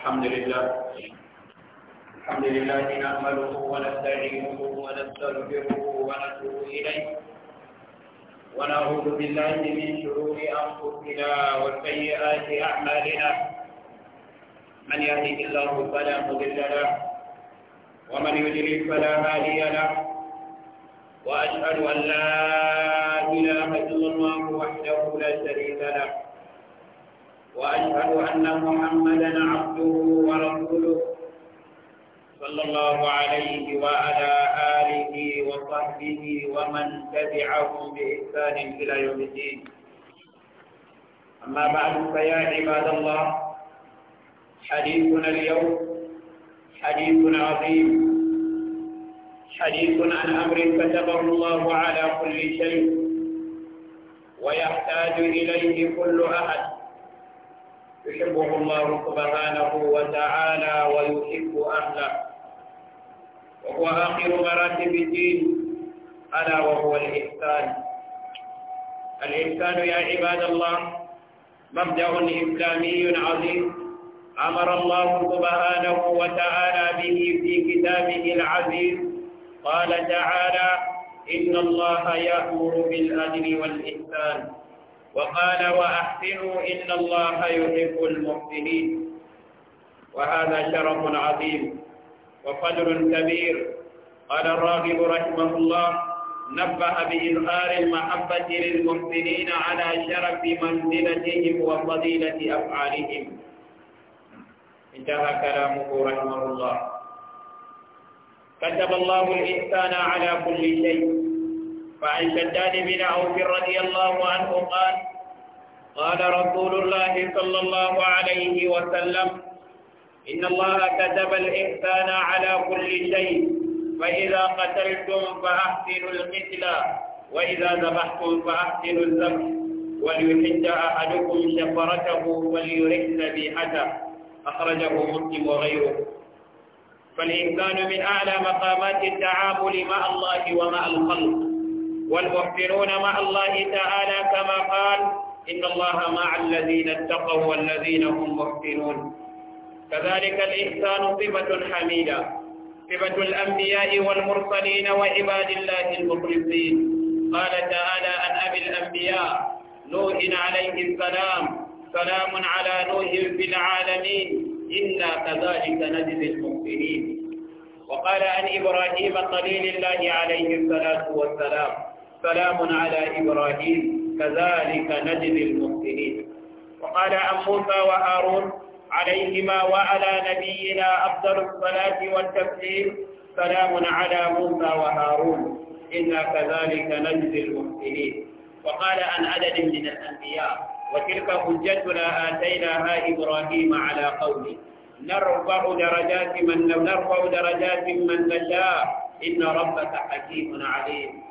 الحمد لله الحمد لله نعمله ونستعينه ونستغفره ونتوب إليه ونعوذ بالله من شرور أنفسنا وسيئات أعمالنا من يهده الله فلا مضل له ومن يضلل فلا هادي له وأشهد أن لا إله إلا الله وحده لا شريك له وأشهد أن محمدا عبده ورسوله صلى الله عليه وعلى آله وصحبه ومن تبعهم بإحسان إلى يوم الدين أما بعد فيا عباد الله حديثنا اليوم حديث عظيم حديث عن أمر كتبه الله على كل شيء ويحتاج إليه كل أحد يحبه الله سبحانه وتعالى ويحب أهله وهو آخر مراتب الدين ألا وهو الإحسان الإحسان يا عباد الله مبدأ إسلامي عظيم أمر الله سبحانه وتعالى به في كتابه العزيز قال تعالى إن الله يأمر بالعدل والإحسان وقال وأحسنوا إن الله يحب المحسنين وهذا شرف عظيم وقدر كبير قال الراغب رحمه الله نبه بإظهار المحبة للمحسنين على شرف منزلتهم وفضيلة أفعالهم انتهى كلامه رحمه الله كتب الله الإحسان على كل شيء فعن شداد بن عوف رضي الله عنه قال قال رسول الله صلى الله عليه وسلم إن الله كتب الإحسان على كل شيء فإذا قتلتم فأحسنوا القتل وإذا ذبحتم فأحسنوا الذبح وليحج أحدكم شفرته وليرح ذبيحته أخرجه مسلم وغيره فالإنسان من أعلى مقامات التعامل مع الله ومع الخلق والمحسنون مع الله تعالى كما قال إن الله مع الذين اتقوا والذين هم محسنون كذلك الإحسان صفة حميدة صفة الأنبياء والمرسلين وعباد الله المخلصين قال تعالى عن أبي الأنبياء نوح عليه السلام سلام على نوح في العالمين إنا كذلك نجزي المحسنين وقال عن إبراهيم خليل الله عليه الصلاة والسلام سلام على إبراهيم كذلك نجزي المحسنين وقال عن موسى وهارون عليهما وعلى نبينا أفضل الصلاة والتسليم سلام على موسى وهارون إنا كذلك نجزي المحسنين وقال عن عدد من الأنبياء وتلك حجتنا آتيناها إبراهيم على قومه نرفع درجات من نرفع درجات من نشاء إن ربك حكيم عليم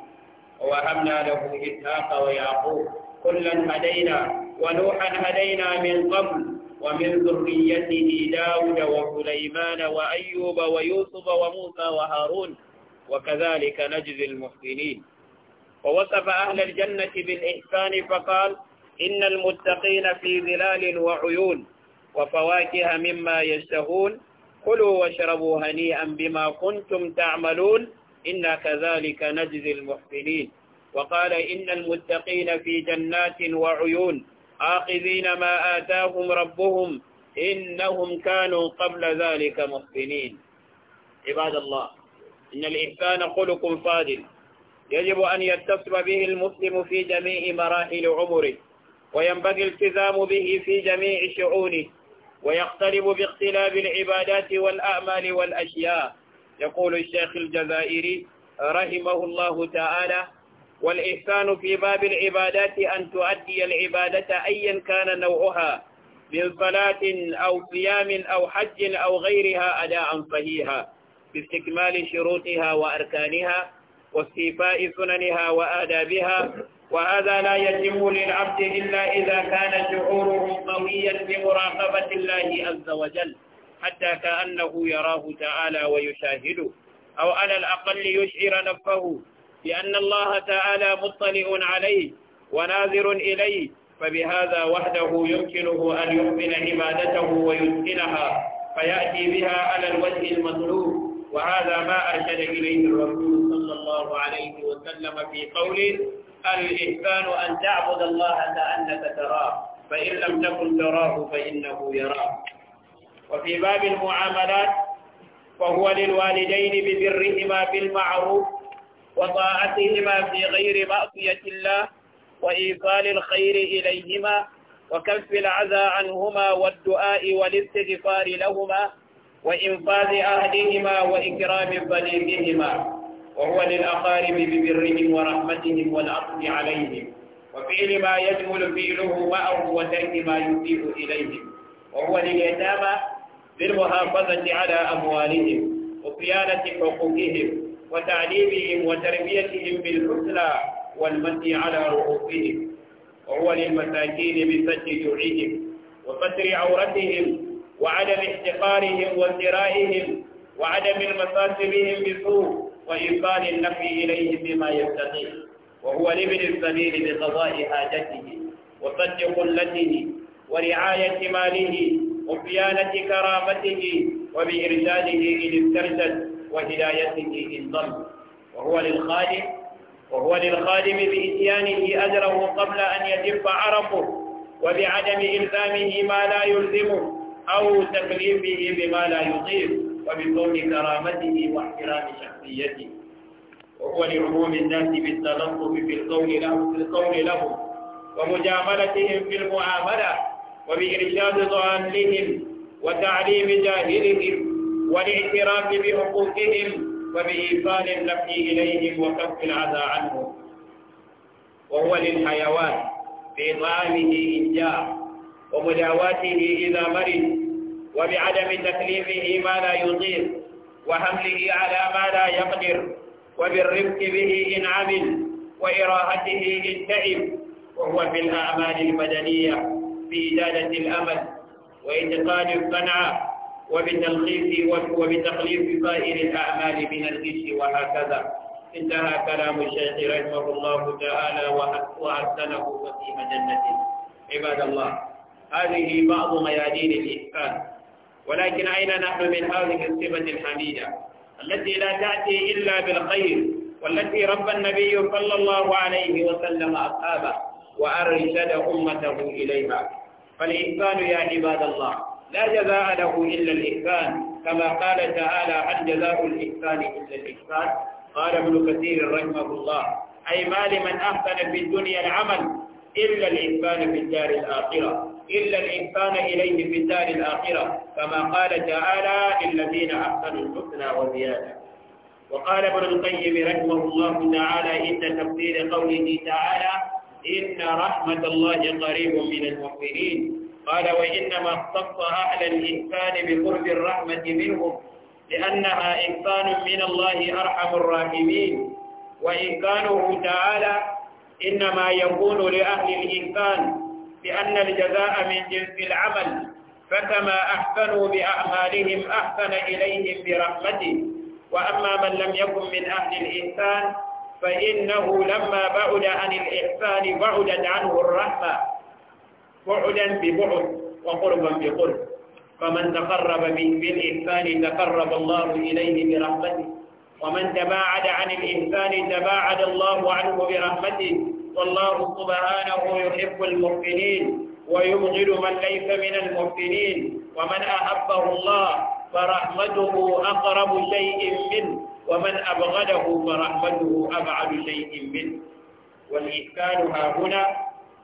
ووهبنا له إسحاق ويعقوب كلا هدينا ونوحا هدينا من قبل ومن ذريته داود وسليمان وأيوب ويوسف وموسى وهارون وكذلك نجزي المحسنين ووصف أهل الجنة بالإحسان فقال إن المتقين في ظلال وعيون وفواكه مما يشتهون كلوا واشربوا هنيئا بما كنتم تعملون إنا كذلك نجزي المحسنين وقال إن المتقين في جنات وعيون آخذين ما آتاهم ربهم إنهم كانوا قبل ذلك محسنين عباد الله إن الإحسان خلق فاضل يجب أن يتصب به المسلم في جميع مراحل عمره وينبغي التزام به في جميع شؤونه ويقترب باختلاف العبادات والأعمال والأشياء يقول الشيخ الجزائري رحمه الله تعالى والإحسان في باب العبادات أن تؤدي العبادة أيا كان نوعها من صلاة أو صيام أو حج أو غيرها أداء صحيحا باستكمال شروطها وأركانها واستيفاء سننها وآدابها وهذا لا يتم للعبد إلا إذا كان شعوره قويا بمراقبة الله عز وجل حتى كأنه يراه تعالى ويشاهده أو على الأقل يشعر نفه لأن الله تعالى مطلع عليه وناظر إليه فبهذا وحده يمكنه أن يؤمن عبادته ويتقنها فيأتي بها على الوجه المطلوب وهذا ما أرشد إليه الرسول صلى الله عليه وسلم في قوله الإحسان أن تعبد الله كأنك تراه فإن لم تكن تراه فإنه يراك وفي باب المعاملات فهو للوالدين ببرهما بالمعروف وطاعتهما في غير معصية الله وإيصال الخير إليهما وكف العزى عنهما والدعاء والاستغفار لهما وإنفاذ أهلهما وإكرام صديقهما وهو للأقارب ببرهم ورحمتهم والعطف عليهم وفعل ما يجمل فعله معه وترك ما يسيء إليهم وهو لليتامى بالمحافظة على أموالهم وصيانة حقوقهم وتعليمهم وتربيتهم بالحسنى والمسي على رؤوسهم وهو للمساكين بفتح جوعهم وفتر عورتهم وعدم احتقارهم وازدرائهم وعدم المساس بهم بسوء وإيصال النفي إليهم بما يبتغي وهو لابن السبيل بقضاء حاجته وفتح قلته ورعاية ماله وبيانة كرامته وبإرشاده إن استرشد وهدايته إن ضل وهو للخادم وهو للخادم بإتيانه أجره قبل أن يجف عرقه وبعدم إلزامه ما لا يلزمه أو تكليفه بما لا يطيق وبكون كرامته واحترام شخصيته وهو لعموم الناس بالتلطف في القول له في القول له ومجاملتهم في المعامله وبإرشاد ضالهم وتعليم جاهلهم والاعتراف بحقوقهم وبإيصال النفي إليهم وكف العزى عنهم وهو للحيوان بإطعامه إن جاع ومداواته إذا مرض وبعدم تكليفه ما لا يطيق وحمله على ما لا يقدر وبالرفق به إن عمل وإراهته إن تعب وهو في الأعمال البدنية بإزالة الأمل وإتقان القنعة وبتلخيص وبتخليف سائر الأعمال من الغش وهكذا انتهى كلام الشيخ رحمه الله تعالى وأحسنه وسيم جنته عباد الله هذه بعض ميادين الإحسان ولكن أين نحن من هذه الصفة الحميدة التي لا تأتي إلا بالخير والتي ربى النبي صلى الله عليه وسلم أصحابه وأرشد أمته إليها فالإحسان يا عباد الله لا جزاء له إلا الإحسان كما قال تعالى هل جزاء الإحسان إلا الإحسان قال ابن كثير رحمه الله أي ما لمن أحسن في الدنيا العمل إلا الإحسان في الدار الآخرة إلا الإحسان إليه في الدار الآخرة كما قال تعالى للذين أحسنوا الحسنى وزيادة وقال ابن القيم رحمه الله تعالى إن تفسير قوله تعالى إن رحمة الله قريب من المؤمنين قال وإنما اختص أهل الإنسان بقرب الرحمة منهم لأنها إنسان من الله أرحم الراحمين وإنسانه تعالى إنما يكون لأهل الإنسان لأن الجزاء من جنس العمل فكما أحسنوا بأعمالهم أحسن إليهم برحمته وأما من لم يكن من أهل الإنسان فإنه لما بعد عن الإحسان بعدت عنه الرحمة بعدا ببعد وقربا بقرب فمن تقرب بالإحسان تقرب الله إليه برحمته ومن تباعد عن الإحسان تباعد الله عنه برحمته والله سبحانه يحب المحسنين ويبغض من ليس من المحسنين ومن أحبه الله فرحمته أقرب شيء منه ومن أبغده فرحمته أبعد شيء منه والإحسان ها هنا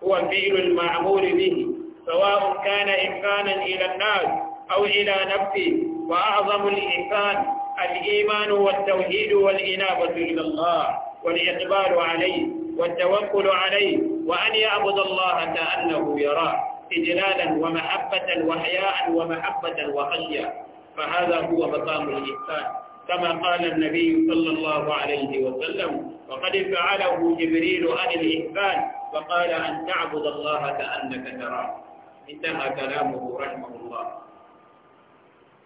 هو فعل المعمول به سواء كان إحسانا إلى الناس أو إلى نفسه وأعظم الإحسان الإيمان والتوحيد والإنابة إلى الله والإقبال عليه والتوكل عليه وأن يعبد الله كأنه يراه إجلالا ومحبة وحياء ومحبة وخشية فهذا هو مقام الإحسان كما قال النبي صلى الله عليه وسلم وقد فعله جبريل عن الإحسان فقال أن تعبد الله كأنك تراه انتهى كلامه رحمه الله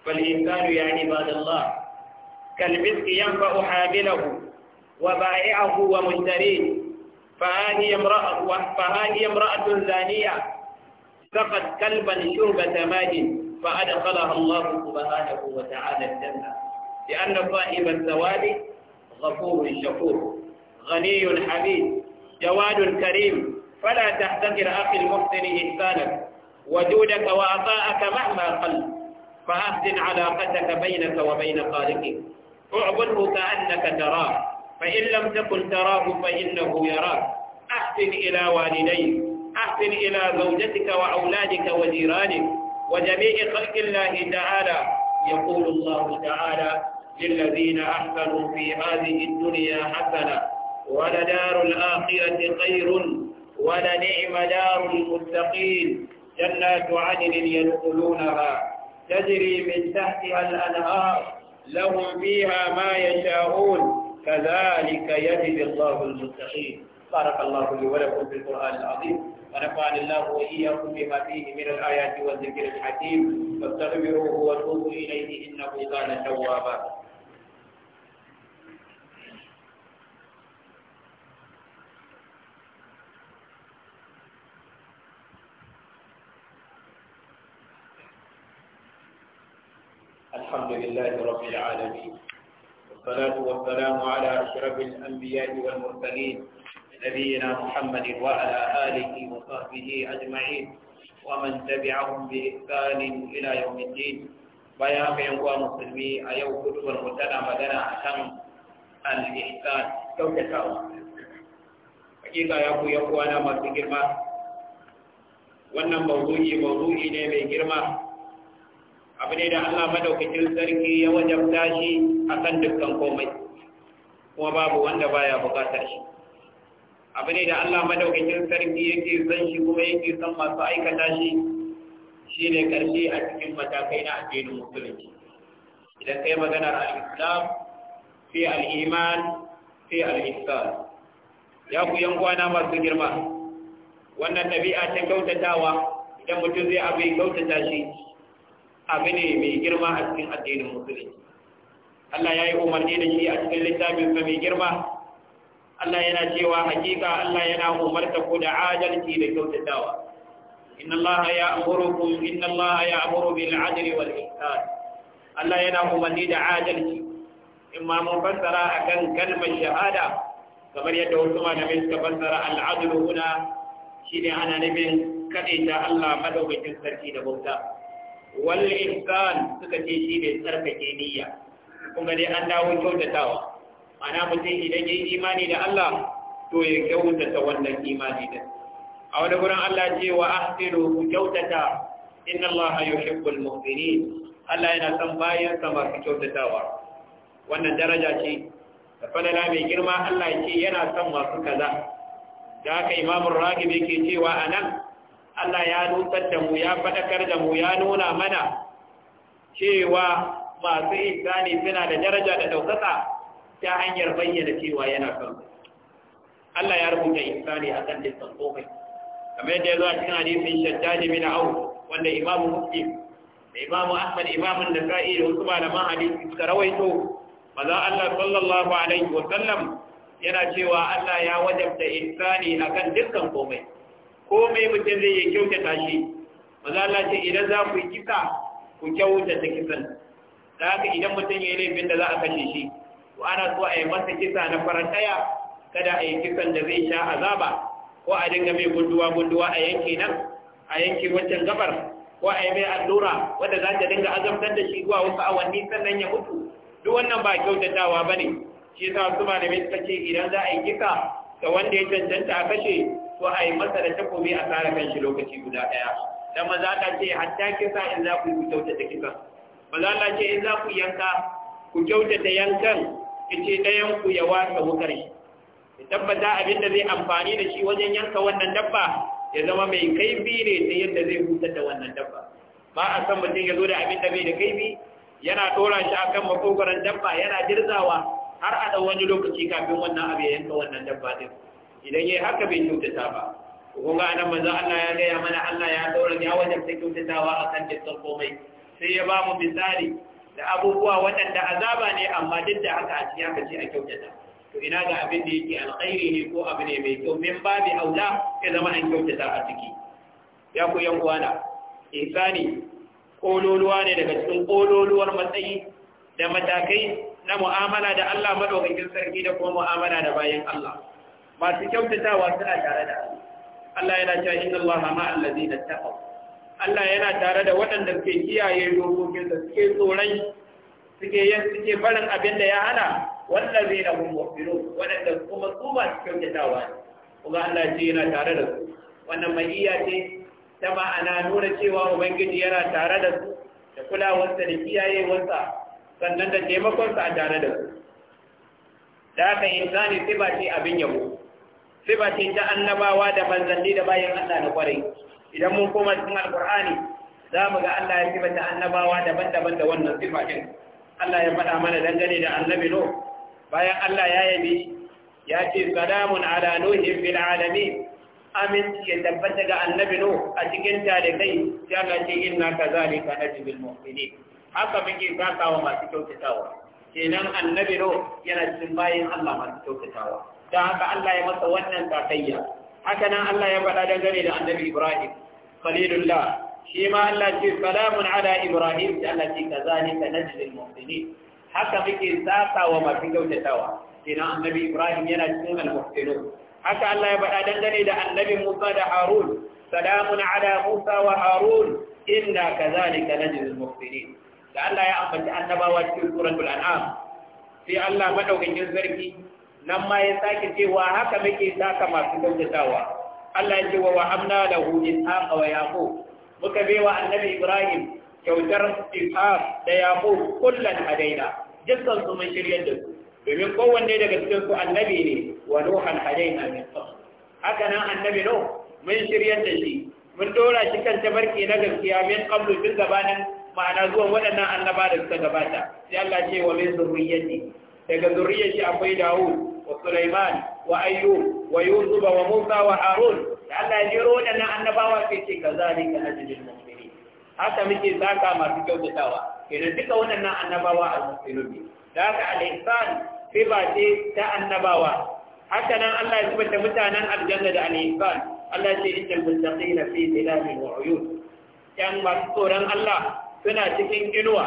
فالإنسان يا يعني عباد الله كالمسك ينفع حامله وبائعه ومشتريه فهذه امرأة فهذه امرأة زانية سقت كلبا شربة ماجد فأدخلها الله سبحانه وتعالى الجنة لأن صاحب الزوال غفور شكور غني حميد جواد كريم فلا تحتقر أخي المحسن إحسانك وجودك وعطاءك مهما قل فأحسن علاقتك بينك وبين خالقك اعبده كأنك تراه فإن لم تكن تراه فإنه يراك أحسن إلى والديك أحسن إلى زوجتك وأولادك وجيرانك وجميع خلق الله تعالى يقول الله تعالى للذين أحسنوا في هذه الدنيا حسنة ولدار الآخرة خير ولنعم دار المتقين جنات عدن يدخلونها تجري من تحتها الأنهار لهم فيها ما يشاءون كذلك يجزي الله المتقين بارك الله لي ولكم في القرآن العظيم ونفعني الله وإياكم بما فيه من الآيات والذكر الحكيم فاستغفروه وتوبوا إليه إنه كان توابا الحمد لله رب العالمين والصلاة والسلام على أشرف الأنبياء والمرسلين نبينا محمد وعلى آله وصحبه أجمعين ومن تبعهم بإحسان إلى يوم الدين musulmi a yau mu magana a ya ku wannan mawdu'i mawdu'i ne mai girma abu ne da Allah madaukakin sarki ya wajabta shi akan dukkan komai kuma babu wanda baya bukatar shi abu ne da Allah madaukakin sarki yake san shi kuma yake san masu aikata shi shi ne ƙarshe a cikin matakai na addinin musulunci idan kai maganar al-islam sai al-iman sai al-ihsan ya ku yan kwana masu girma wannan ɗabi'a ta kyautatawa idan mutum zai abu ya kyautata shi abu ne mai girma a cikin addinin musulunci Allah ya yi umarni da shi a cikin littafin mai girma Allah yana cewa hakika Allah yana umarta ku da adalci da kyautatawa inna Allah ya ya'murukum inna Allah ya'muru bil adli wal ihsan Allah yana umarni da adalci ma mun fassara akan kalmar shahada kamar yadda wasu malamai suka fassara al adlu huna shine ana nufin kadaita Allah madaukakin sarki da bauta wal ihsan suka ce shine tsarkake niyya kuma dai an dawo kyautatawa ma'ana mutum idan ya yi imani da Allah to ya kyautata wannan imani da a wani gurin Allah ce wa ahsinu ku kyautata inna Allah yuhibbul muhsinin Allah yana son bayan masu kyautatawa wannan daraja ce da mai girma Allah ce yana son masu kaza da haka imamun ragib yake cewa anan Allah ya nutsar da mu ya faɗakar da mu ya nuna mana cewa masu isani suna da daraja da ɗaukaka ta hanyar bayyana cewa yana son Allah ya rubuta insani a kan lissan komai kamar yadda ya zo a cikin hadisin shaddani min au wanda imamu muslim da imamu ahmad imamu da sa'i da wasu malaman hadisi suka rawaito maza Allah sallallahu alaihi wa sallam yana cewa Allah ya wajabta insani akan dukkan komai komai mutum zai yi kyautata shi maza Allah ce idan za ku yi kisa ku kyautata kisan da haka idan mutum ya yi laifin da za a kashe shi ko ana so a yi masa kisa na farar kada a yi kisan da zai sha azaba ko a dinga mai gunduwa gunduwa a yanki nan a yanki wancan gabar ko a yi mai allura wadda za ta dinga azabtar da shi zuwa wasu awanni sannan ya mutu duk wannan ba kyautatawa ba ne shi yasa wasu malamai suka ce idan za a yi kisa ga wanda ya cancanta a kashe ko a yi masa da takobi a tsara kan shi lokaci guda ɗaya dan maza ta ce hatta kisa in za ku yi kyautata kisan maza ta ce in za ku yanka ku kyautata yankan fice ɗayan ku ya wata wukar shi ya tabbata abin da zai amfani da shi wajen yanka wannan dabba ya zama mai kaifi ne ta yadda zai hutar da wannan dabba ba a san mutum ya zo da abin da bai da kaifi yana tora shi a kan makogoron dabba yana dirzawa har a ɗan wani lokaci kafin wannan abu ya yanka wannan dabba ɗin idan yayi haka bai kyautata ba kun ga anan manzo Allah ya gaya mana Allah ya daura ya wajen ta kyautatawa akan dukkan komai sai ya ba mu misali da abubuwa waɗanda azaba ne amma duk da haka a cikin haka a kyautata to ina ga abin da yake alkhairi ne ko abu ne mai kyau min babi aula ya zama an kyautata a ciki ya ku yan uwana insani kololuwa ne daga cikin kololuwar matsayi da matakai na mu'amala da Allah madaukakin sarki da kuma mu'amala da bayan Allah masu kyautatawa suna tare da Allah yana cewa inna Allah ma'al ladina taqaw Allah yana tare da waɗanda suke kiyaye dokokin da suke tsoron suke yin suke barin abin da ya hana wanda zai na mun mafiro waɗanda kuma su masu kyautatawa ne kuma Allah ce yana tare da su wannan ma'iya ce ta ma'ana nuna cewa ubangiji yana tare da su da kulawarsa da kiyayewarsa sannan da taimakonsa a tare da su da haka insani sai ba ce abin yabo sai ba ce ta annabawa da manzanni da bayan Allah na kwarai idan mun koma cikin alkur'ani za mu ga Allah ya ta annabawa daban-daban da wannan sifa din Allah ya faɗa mana dangane da annabi no bayan Allah ya yabi ya ce salamun ala nuhin fil alamin aminci ya tabbata ga annabi no a cikin talibai ya ga ce inna kazalika najibul mu'minin haka muke wa masu kyautatawa kenan annabi no yana cikin bayin Allah masu kyautatawa don haka Allah ya masa wannan sakayya haka nan Allah ya faɗa dangane da annabi Ibrahim khalilullah shi ma Allah ce salamun ala Ibrahim da Allah ce kazalika najzil muhsinin haka muke saka wa masu kyautatawa kenan annabi Ibrahim yana cikin al-muhsinun haka Allah ya faɗa dangane da annabi Musa da Harun salamun ala Musa wa Harun inna kazalika najzil muhsinin da Allah ya ambaci annabawa cikin suratul an'am sai Allah madaukakin sarki nan ma ya sake cewa haka muke saka masu kyautatawa Allah ya ce wa wahamna lahu ishaqa wa yaqub muka bai wa annabi ibrahim kyautar ishaq da yaqub kullan hadaina dukkan su mun shirye da su domin kowanne daga cikin su annabi ne wa ruhan hadaina min haka nan annabi no mun shirye da shi mun dora shi kan tabarki na gaskiya min qablu tun gabanin ma'ana zuwan waɗannan annaba da suka gabata sai Allah ce wa min zurriyyati daga zuriyar shi akwai Dawud wa Sulaiman wa Ayyub wa Yusuf wa Musa wa Harun da Allah ya jiro waɗannan annabawa sai ce ka kazalika najlil mu'minin haka muke saka masu kyautatawa idan duka waɗannan annabawa a musulmi. da haka al-ihsan sifa ce ta annabawa haka nan Allah ya zubata mutanen aljanna da al-ihsan Allah ce innal muttaqina fi zilalin wa uyun yan masu tsoron Allah suna cikin inuwa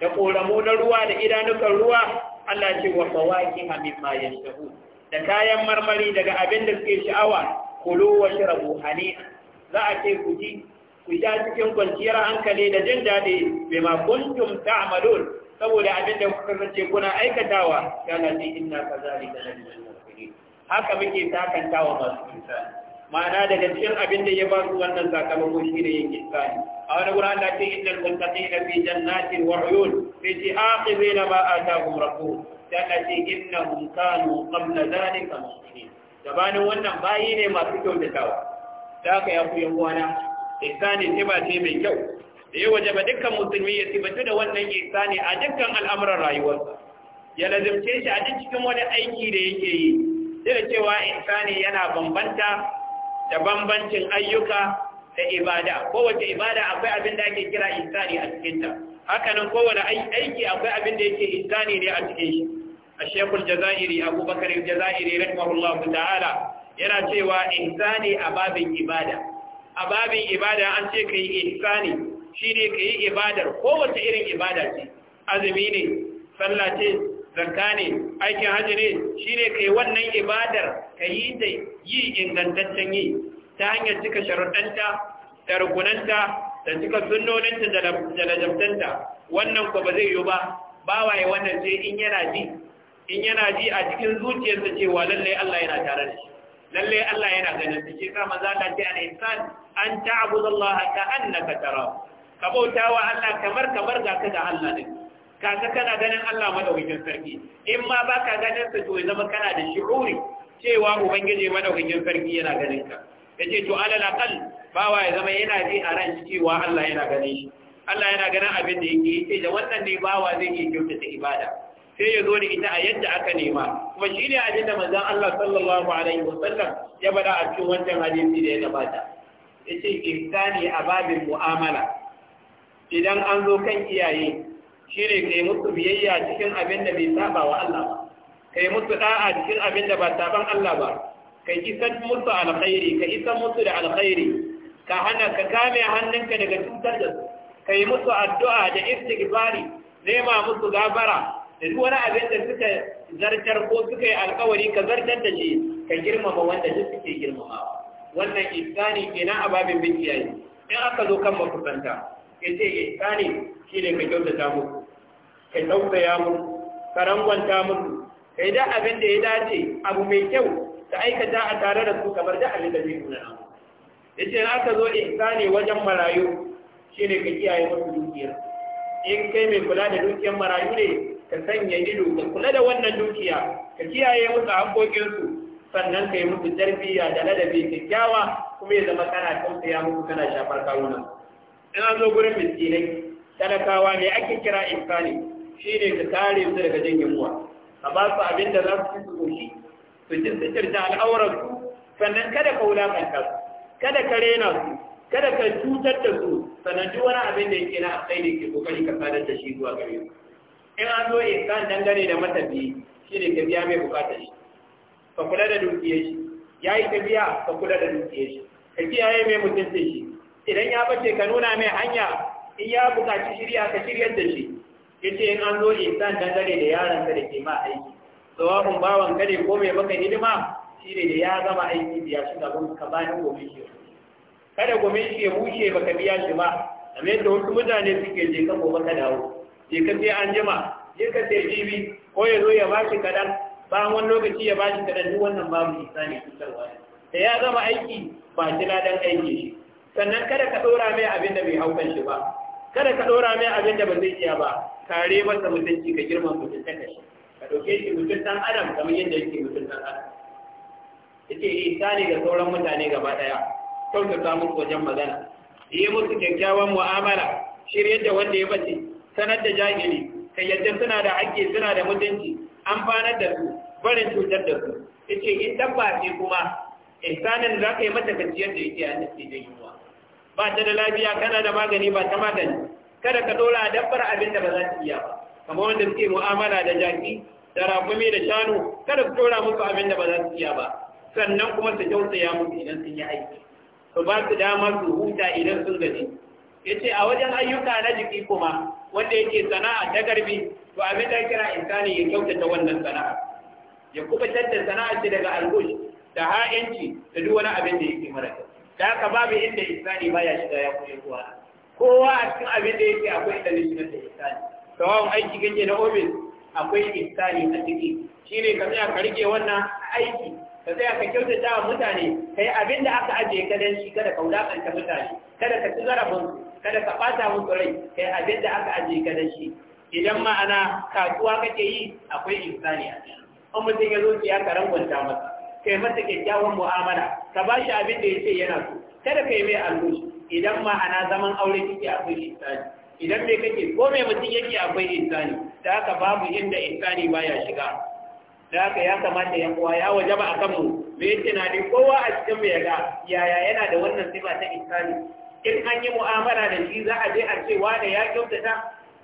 da koramu na ruwa da idanukan ruwa Allah ce wa fawaki mimma yashtahu da kayan marmari daga abin da suke sha'awa kulu wa shrabu hani'a za a ce ku ji ku sha cikin kwanciyar hankali da jin daɗi bai ma kuntum ta'malun saboda abin da kuka sace kuna aikatawa ya lati inna kazalika lil muslimin haka muke takantawa masu insani ma'ana daga cikin abin da ya ba su wannan sakamako shi ne yin ihsani a wani wurin da ce innal na fi jannati wa ruyun fi tiaqibin ta atahum ta na ce innahum kanu qabla zalika muslimin gabanin wannan bayi ne masu kyau da ka yaku yan uwana isani ce ba ce mai kyau da yi waje ba dukkan musulmi ya tibatu da wannan isani a dukkan al'amuran rayuwarsa ya lazimce shi a duk cikin wani aiki da yake yi da cewa insani yana bambanta da bambancin ayyuka da ibada kowace ibada akwai abin da ake kira insani a cikinta hakanan kowane aiki akwai abin da yake insani ne a cikin shi a shekul jazairi abubakar jazairi rahimahullah ta'ala yana cewa ihsani a babin ibada a babin ibada an ce ka yi ihsani shi ne ka yi ibadar kowace irin ibada ce azumi ne sallah ce zakka ne aikin hajji ne shi ne ka yi wannan ibadar ka yi da yi ingantaccen yi ta hanyar cika sharuɗanta da rukunanta da cika sunnoninta da lajabtanta wannan ko ba zai yi ba ba waye wannan sai in yana ji in yana ji a cikin zuciyarsa cewa lallai Allah yana tare da shi lallai Allah yana ganin shi sai maza Allah ce an insan an Allah ka annaka tara ka bauta wa Allah kamar kamar ga ka da Allah Ka ga kana ganin Allah madaukakin sarki in ma baka ganin sa to zama kana da shi'uri cewa ubangiji madaukakin sarki yana ganin ka ce to alal aqal bawa ya zama yana ji a ran cewa Allah yana ganin shi Allah yana ganin abin da yake yace da wannan ne bawa zai iya kyautata ibada sai ya zo da ita a yadda aka nema kuma ne abin da manzon Allah sallallahu alaihi wasallam ya bada a cikin wancan hadisi da ya gabata yace ihsani a babin mu'amala idan an zo kan iyaye shine kai musu biyayya cikin abin da bai saba wa Allah ba kai musu da'a cikin abin da ba saban Allah ba kai isan musu alkhairi kai isan musu da alkhairi ka hana ka kame hannunka daga cutar da su kai musu addu'a da istighfari nema musu gafara da duk wani abin da suka zartar ko suka yi alkawari ka zartar da shi ka girmama wanda duk suke girmamawa wannan ihsani kenan a babin ne in aka zo kan makusanta yace shi shine ka kyautata muku ka tausaya muku ka rangwanta muku kai da abin da ya dace abu mai kyau ka aikata a tare da su kamar da abin da zai nuna ya ce na ka zo ihsani wajen marayu shi ne ka kiyaye masu dukiyar in kai mai kula da dukiyar marayu ne ka sanya ido ka kula da wannan dukiya ka kiyaye musu hankokinsu sannan ka yi musu tarbiyya da ladabi kyakkyawa kuma ya zama kana tausaya musu kana shafar kawuna ina zo gurin miskinai talakawa ne ake kira ihsani ne ka kare su daga jan yunwa ka ba su abin da za su fi su goshi su ji su kirta al'aurar su sannan kada ka wulaƙanta su kada ka rena su kada ka cutar da su sannan duk wani abin da yake na da ke kokari ka sadar da shi zuwa gare su in an zo ihsan dangane da matafi shi ne ka biya mai bukatar shi ka kula da dukiyar shi ya yi tafiya ka kula da dukiyar shi ka kiyaye mai mutuncin shi idan ya bace ka nuna mai hanya in ya bukaci shirya ka shiryar da shi yace in an zo insan dangane da yaran da ke ma aiki sawabin bawan kare ko mai maka hidima shine da ya gama aiki biya shi da gun ka bani gobe shi kada gobe shi ya bushe baka biya shi ba amma yadda wasu mutane suke je ka gobe ka dawo je ka sai an jima je ka sai jibi ko ya zo ya bashi kaɗan bayan wani lokaci ya bashi kaɗan duk wannan babu isa ne da ya gama aiki ba shi dan aiki shi sannan kada ka ɗora mai abin da bai haukan shi ba kada ka ɗora mai abin da ba zai iya ba kare masa mutunci ka girma mutunta ta shi ka ɗauke shi mutuntan adam kamar yadda yake mutuntan adam yace eh, ne ga sauran mutane gaba ɗaya kyautata musu wajen magana yi musu kyakkyawan mu'amala shirye da wanda ya bace sanar da jahili ka yadda suna da haƙƙi suna da mutunci amfanar da su barin cutar da su yace in dabba ce kuma ihsanin za ka yi mata kaciyar da yake a nasi da yiwuwa ba ta da lafiya kana da magani ba ta magani kada ka dora dabbar abin da ba za su iya ba kamar wanda suke mu'amala da jaki da rafumi da shanu kada ku dora musu abin da ba za su iya ba sannan kuma su ya musu idan sun yi aiki su ba su dama su huta idan sun gaji ya ce a wajen ayyuka na jiki kuma wanda yake sana'a ta garbi to abin da kira insani ya kyautata wannan sana'a ya kuma da sana'a ce daga alkush da ha'inci da duk wani abin da yake mara kyau da haka babu inda insani baya shiga ya yi kowa kowa a cikin abin da yake akwai dalilin da ihsani sawawun aiki kake na ofis akwai ihsani a ciki shine ka tsaya ka rike wannan aiki ka tsaya ka kyautata wa mutane kai abin da aka ajiye ka dan shi kada ka wulakanta mutane kada ka ci zarafin kada ka bata musu rai kai abin da aka ajiye ka dan shi idan ma'ana kasuwa kake yi akwai ihsani a ciki in mutum ya zo ya ka rangwanta masa kai masa kyakkyawan mu'amala ka ba shi abin da ya yana so kada ka yi mai allushi idan ma'ana zaman aure kike akwai ihsani idan me kake ko me mutum yake akwai ihsani da haka babu inda ihsani baya shiga da haka ya kamata ya kowa ya wajaba akan mu me yake na dai kowa a cikin mu yaga yaya yana da wannan sifa ta ihsani in an yi mu'amala da shi za a je a ce wane ya kyautata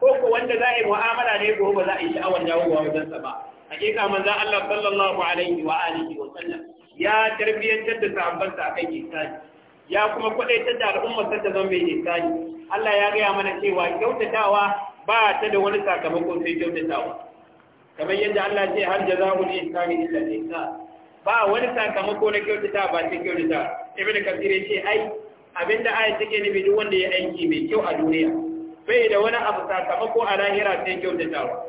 ko ko wanda za a yi mu'amala ne gobe za a yi sha'awar dawowa wajen sa ba hakika manzon Allah sallallahu alaihi wa alihi wa sallam ya tarbiyantar da sahabbansa akan ihsani ya kuma kwadaitar da al'ummar ta zama mai isani Allah ya gaya mana cewa kyautatawa ba ta da wani sakamako sai kyautatawa kamar yadda Allah ce har jazaa'ul ihsani illa ihsan ba wani sakamako na kyautata ba sai kyautata Ibn kasir ya ce ai abinda ayat take nufi duk wanda ya aiki mai kyau a duniya bai da wani abu sakamako a lahira sai kyautatawa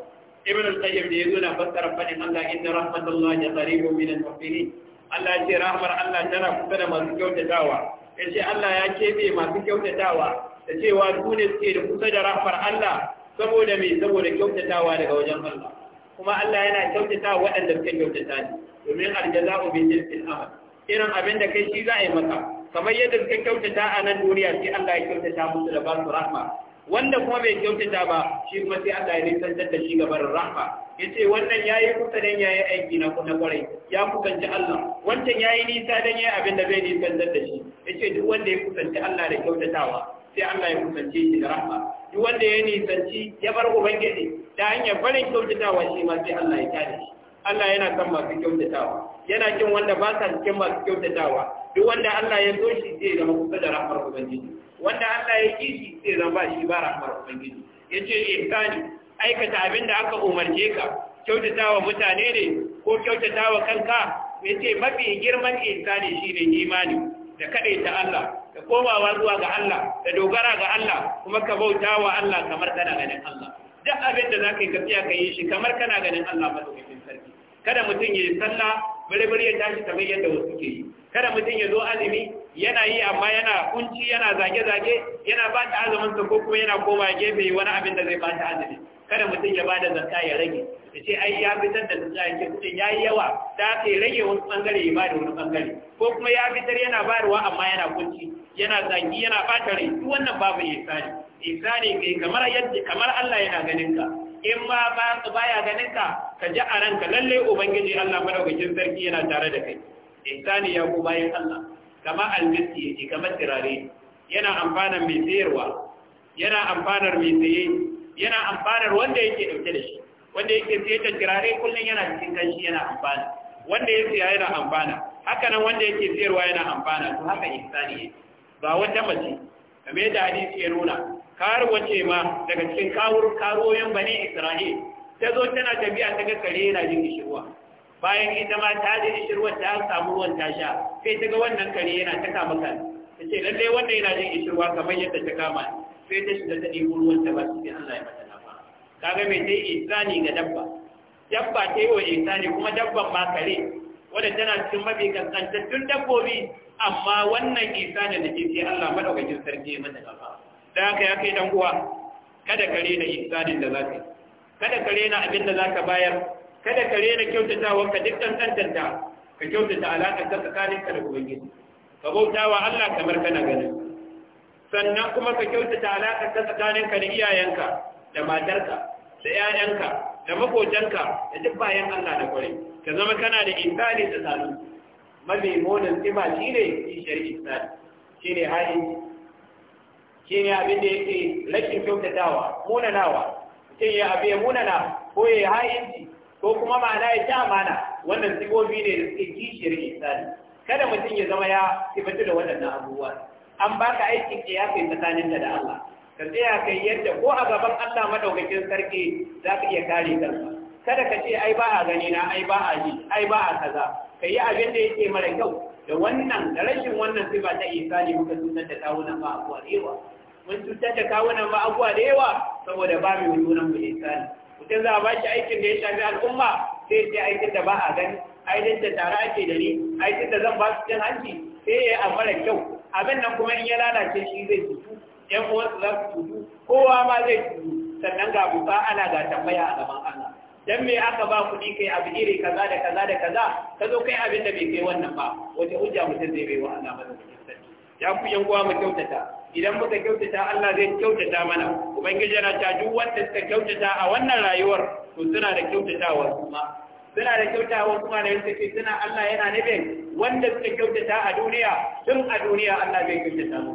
Ibn al-qayyim da yazo na fassara fadin Allah inna rahmatullahi qaribun al muhsinin Allah ya ce rahmar Allah tana kusa da masu kyautatawa ya ce Allah ya keɓe masu kyautatawa da cewa su ne suke da kusa da rahmar Allah saboda mai saboda kyautatawa daga wajen Allah kuma Allah yana kyautata waɗanda suka kyautata ne domin aljaza'u bi jinsil amal irin abin da kai shi za a yi maka kamar yadda suka kyautata a nan duniya sai Allah ya kyautata musu da ba su rahma wanda kuma bai kyautata ba shi kuma sai Allah ya nisantar da shi gaban rahma yace wannan yayi kusa dan yayi aiki na kuma kwarai ya kusanci Allah wancan yayi nisa dan yayi abin da bai nisantar da shi yace duk wanda ya kusanci Allah da kyautatawa sai Allah ya kusance shi da rahma duk wanda ya nisanci ya bar ubangiji da hanyar barin kyautatawa shi ma sai Allah ya tare shi Allah yana son masu kyautatawa yana kin wanda ba sa cikin masu kyautatawa duk wanda Allah ya so shi zai zama kusa da rahmar ubangiji wanda Allah ya kishi shi sai zan ba shi ba rahmar ubangiji yace ihsani eh, aikata abin da aka umarce ka kyautatawa mutane ne ko kyautatawa kanka yace mafi girman insani shine imani da kadaita Allah da komawa zuwa ga Allah da dogara ga Allah kuma ka bauta wa Allah kamar kana ganin Allah duk abin da zaka yi gaskiya ka yi shi kamar kana ganin Allah madaukakin sarki kada mutum ya yi sallah bare bare ya tashi kamar yadda wasu ke yi kada mutum ya zo azumi yana yi amma yana kunci yana zage-zage yana ba ta azuminsa ko kuma yana koma gefe wani abin da zai ba ta azumi kada mutum ya ba da zakka ya rage da ce ai ya fitar da zakka ya ke kudin ya yi yawa ta ce rage wani bangare ya ba da wani bangare ko kuma ya fitar yana bayarwa amma yana kunci yana zagi yana ta rai duk wannan babu isani isani kai kamar yadda kamar Allah yana ganin ka in ma ba baya ganin ka ka ji a ranka lalle ubangiji Allah madaukakin sarki yana tare da kai isani ya ku bayan Allah kama almiski yake kama turare yana amfanar mai tsayarwa yana amfanar mai tsaye, yana amfanar wanda yake dauke da shi wanda yake tsaye da turare kullum yana cikin kanshi yana amfana wanda ya tsaye yana amfana haka nan wanda yake tsayarwa yana amfana to haka ihsani ne ba wata mace kamar yadda hadisi ya nuna kar ce ma daga cikin kawur karoyin bani isra'il ta zo tana tafiya ta ga kare yana jin kishirwa bayan ita ma ta je ishirwar ta samu ruwan ta sha sai ta ga wannan kare yana ta kama kan ta ce lalle wannan yana jin ishirwa kamar yadda ta kama sai ta shiga ta ɗebo ruwan ta ba su sai Allah ya mata nafa kaga mai ta yi isani ga dabba dabba ta yi wa isani kuma dabban ma kare wadda tana cikin mafi kankantattun dabbobi amma wannan isani da ke sai Allah madaukakin sarki ya mata nafa da haka ya kai dan uwa kada kare na isanin da za ka yi kada kare na abin da za ka bayar kada ka rena wa ka duk kantanta ka kyautata alaƙar ta tsakanin ka da ubangiji ka bauta wa Allah kamar kana ganin sannan kuma ka kyautata alaƙar ta tsakanin ka da iyayenka da matarka da ƴaƴanka da makotanka da duk bayan Allah da kwarai ka zama kana da insani da mafi mabe modan shi shine shi shari'i shi shine hali shi abin da yake rashin kyautatawa munanawa mutum ya abu ya munana ko ya yi ha'inci ko kuma ma'ana ya ci amana wannan sigobi ne da suke kishiyar insani kada mutum ya zama ya sifatu da waɗannan abubuwa an baka aikin ke ya kai tsakanin da Allah ka tsaya kai yadda ko a gaban Allah madaukakin sarki za ka iya kare kanka kada ka ce ai ba a gani na ai ba a ji ai ba a kaza ka yi abin da yake mara kyau da wannan da rashin wannan sifa ta insani muka tunar da kawunan ba abuwa da yawa mun cutar da kawunan ba abuwa da yawa saboda ba mai wujunan mu insani mutum za a ba shi aikin da ya shafi al'umma sai sai aikin da ba a gani aikin da tara ake da ni aikin da zan ba su cin hanci sai ya yi a mara kyau abin nan kuma in ya lalace shi zai cutu yan uwansu za su cutu kowa ma zai cutu sannan ga buka ana ga tambaya a gaban Allah dan me aka ba kuɗi kai abu iri kaza da kaza da kaza ka zo kai abin da bai kai wannan ba wace hujja mutum zai bai wa Allah ba da sani ya fi yan uwa mu kyautata idan muka kyautata Allah zai kyautata mana ubangiji yana ta duk wanda suka kyautata a wannan rayuwar to suna da kyautatawa kuma suna da kyautatawa kuma da yadda ke suna Allah yana nufin wanda suka kyautata a duniya tun a duniya Allah zai kyautata mu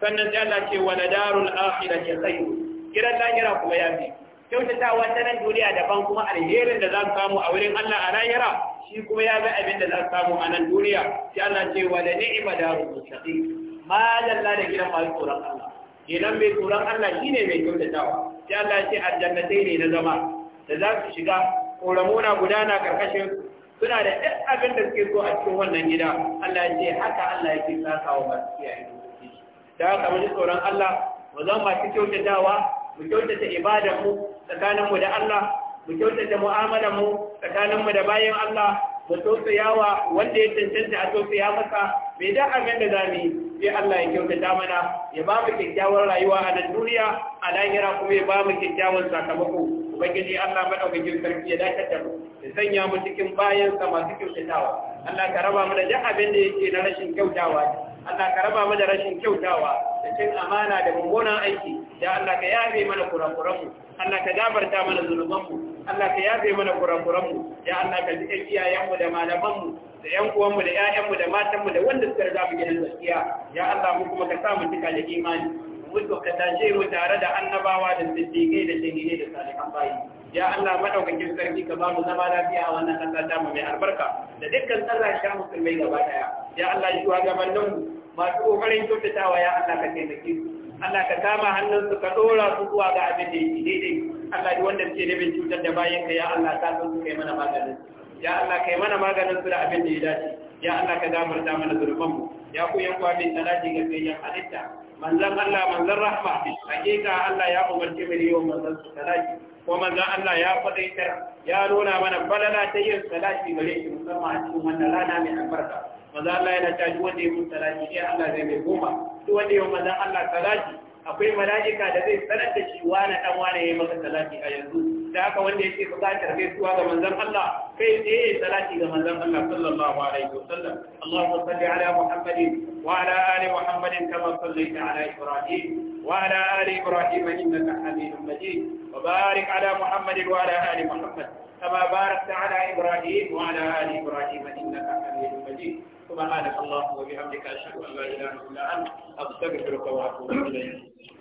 sannan sai Allah ce wala darul akhirati khairu kiran lahira kuma yafi kyautatawa ta nan duniya daban kuma alherin da za su samu a wurin Allah a lahira shi kuma ya ga abin da za su samu a nan duniya sai Allah ce wa da ni'ima da rubutsaki ma dalla da gidan masu tsoron Allah kenan mai tsoron Allah shine mai kyautatawa sai Allah ce aljannatai ne na zama da za su shiga koramuna gudana karkashin suna da duk abin da suke so a cikin wannan gida Allah ya ce haka Allah yake sakawa masu kiyaye da haka mu tsoron Allah mu zama masu kyautatawa mu kyautata ibadar mu tsakanin da Allah mu kyautata mu'amalar mu tsakanin da bayan Allah mu yawa wanda ya cancanta a ya masa Me da abin da za mu yi Allah ya kyautata mana ya ba mu kyakkyawar rayuwa a nan duniya a lahira kuma ya ba mu kyakkyawar sakamako ubangiji Allah madaukakin sarki ya dakatar da mu ya sanya mu cikin bayan sa masu kyautatawa Allah ka raba mu da duk abin da yake na rashin kyautawa Allah ka raba mana rashin kyautawa da cin amana da mummunan aiki da Allah ka yafe mana kurakuranmu Allah ka gabarta mana zunubanmu Allah ka yafe mana kurakuranmu ya Allah ka jika iyayenmu da malamanmu da yan uwanmu da ƴaƴanmu da matanmu da wanda suka rasa gidan gaskiya ya Allah mu kuma ka sa mu cika da imani mu ka tace mu tare da annabawa da siddiƙai da shahidai da salihan bayi ya Allah madaukakin sarki ka ba mu zama lafiya a wannan ƙasa ta mu mai albarka da dukkan tsarra shi musulmai gaba daya ya Allah shi wa gabanin mu masu kokarin kyautatawa ya Allah ka taimake su Allah ka kama hannunsu ka dora su zuwa ga abin da yake daidai Allah ji wanda suke neman cutar da bayan ka ya Allah ka san su kai mana maganin ya Allah kai mana maganin su da abin da ya dace ya Allah ka da mana zurfan mu ya ku yan kwa bin talaji ga kai yan halitta manzon Allah manzon rahma hakika Allah ya umarci mu yau manzon su talaji ko manzon Allah ya fadaitar ya nuna mana falala ta yin salati gare shi musamman a cikin wannan rana mai albarka maza Allah yana caji wanda ya mun salati sai Allah zai mai goma duk wanda ya maza Allah salati akwai mala'ika da zai sanar da shi wani dan wani ya maka salati a yanzu da haka wanda yake bukatar zuwa ga manzon Allah kai tsaye salati ga manzon Allah sallallahu alaihi wasallam Allahumma salli ala Muhammadin wa ala ali Muhammadin kama sallaita ala Ibrahim wa ala ali Ibrahim innaka Hamidum Majid wa barik ala Muhammadin wa ala ali Muhammad كما باركت على إبراهيم وعلى آل إبراهيم إنك حميد مجيد سبحانك اللهم وبحمدك أشهد أن لا إله إلا أنت أستغفرك وأتوب إليك